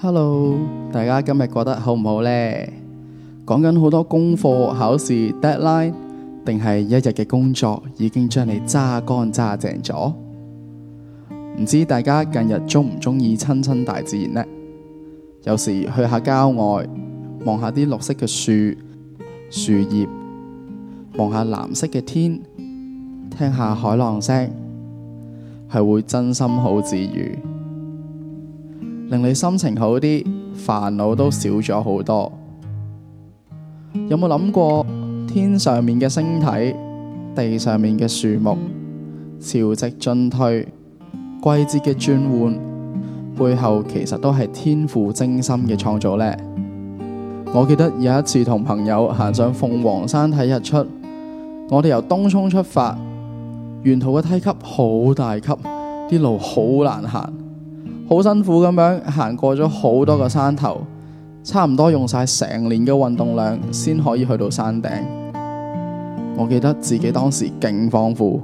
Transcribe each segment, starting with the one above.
Hello，大家今日過得好唔好呢？講緊好多功課、考試 deadline，定係一日嘅工作，已經將你揸乾揸淨咗。唔知大家近日中唔中意親親大自然呢？有時去下郊外，望下啲綠色嘅樹、樹葉，望下藍色嘅天，聽下海浪聲，係會真心好治愈。令你心情好啲，煩惱都少咗好多。有冇諗過天上面嘅星體，地上面嘅樹木，潮汐進退、季節嘅轉換，背後其實都係天父精心嘅創造呢？我記得有一次同朋友行上鳳凰山睇日出，我哋由東涌出發，沿途嘅梯級好大級，啲路好難行。好辛苦咁樣行過咗好多個山頭，差唔多用晒成年嘅運動量先可以去到山頂。我記得自己當時勁彷徨，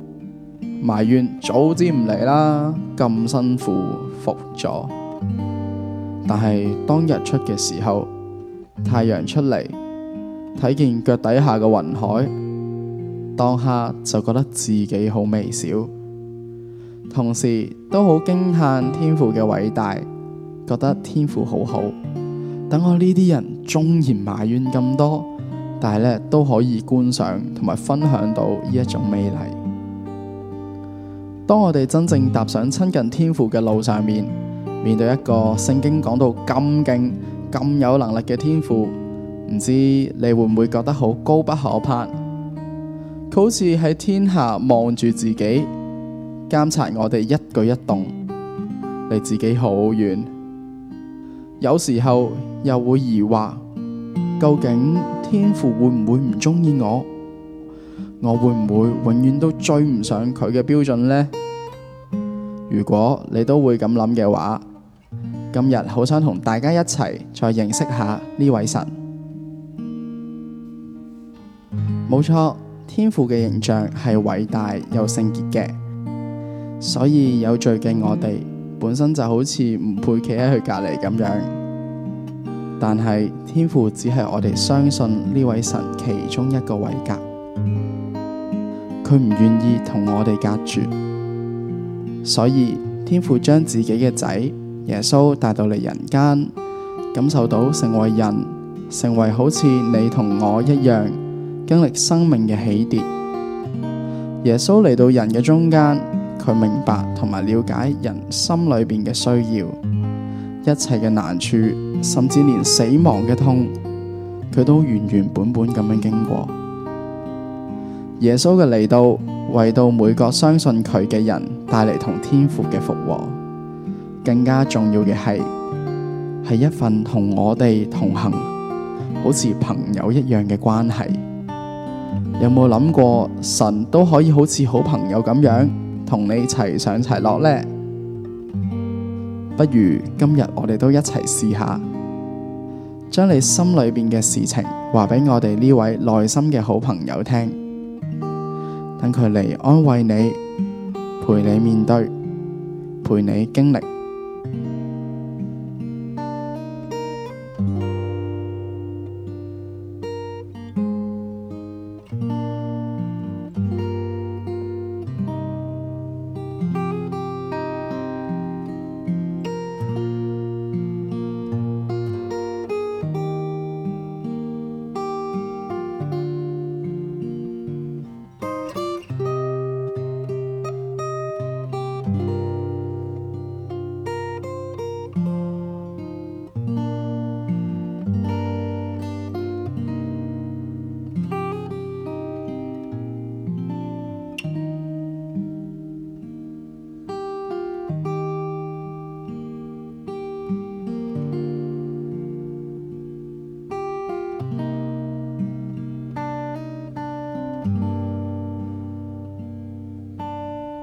埋怨早知唔嚟啦，咁辛苦服咗。但係當日出嘅時候，太陽出嚟，睇見腳底下嘅雲海，當下就覺得自己好微小。同時都好驚嘆天父嘅偉大，覺得天父好好。等我呢啲人縱然埋怨咁多，但係咧都可以觀賞同埋分享到呢一種美麗。當我哋真正踏上親近天父嘅路上面，面對一個聖經講到咁勁、咁有能力嘅天父，唔知你會唔會覺得好高不可攀？佢好似喺天下望住自己。監察我哋一舉一動，離自己好遠。有時候又會疑惑，究竟天父會唔會唔鍾意我？我會唔會永遠都追唔上佢嘅標準呢？如果你都會咁諗嘅話，今日好想同大家一齊再認識下呢位神。冇錯，天父嘅形象係偉大又聖潔嘅。所以有罪嘅我哋，本身就好似唔配企喺佢隔籬咁樣。但係天父只係我哋相信呢位神其中一個位格，佢唔願意同我哋隔絕。所以天父將自己嘅仔耶穌帶到嚟人間，感受到成為人，成為好似你同我一樣，經歷生命嘅起跌。耶穌嚟到人嘅中間。佢明白同埋了解人心裏邊嘅需要，一切嘅難處，甚至連死亡嘅痛，佢都原原本本咁樣經過。耶穌嘅嚟到，為到每個相信佢嘅人帶嚟同天父嘅復和。更加重要嘅係，係一份同我哋同行，好似朋友一樣嘅關係。有冇諗過神都可以好似好朋友咁樣？同你齊上齊落呢，不如今日我哋都一齊試下，將你心裏邊嘅事情話俾我哋呢位內心嘅好朋友聽，等佢嚟安慰你，陪你面對，陪你經歷。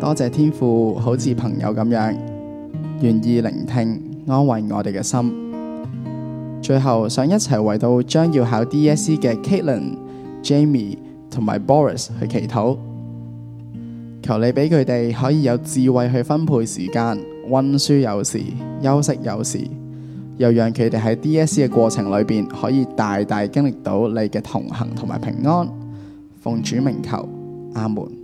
多謝天父，好似朋友咁樣，願意聆聽安慰我哋嘅心。最後想一齊為到將要考 DSE 嘅 Katelyn、Jamie 同埋 Boris 去祈禱，求你俾佢哋可以有智慧去分配時間，溫書有時，休息有時，又讓佢哋喺 DSE 嘅過程裏邊可以大大經歷到你嘅同行同埋平安。奉主名求，阿門。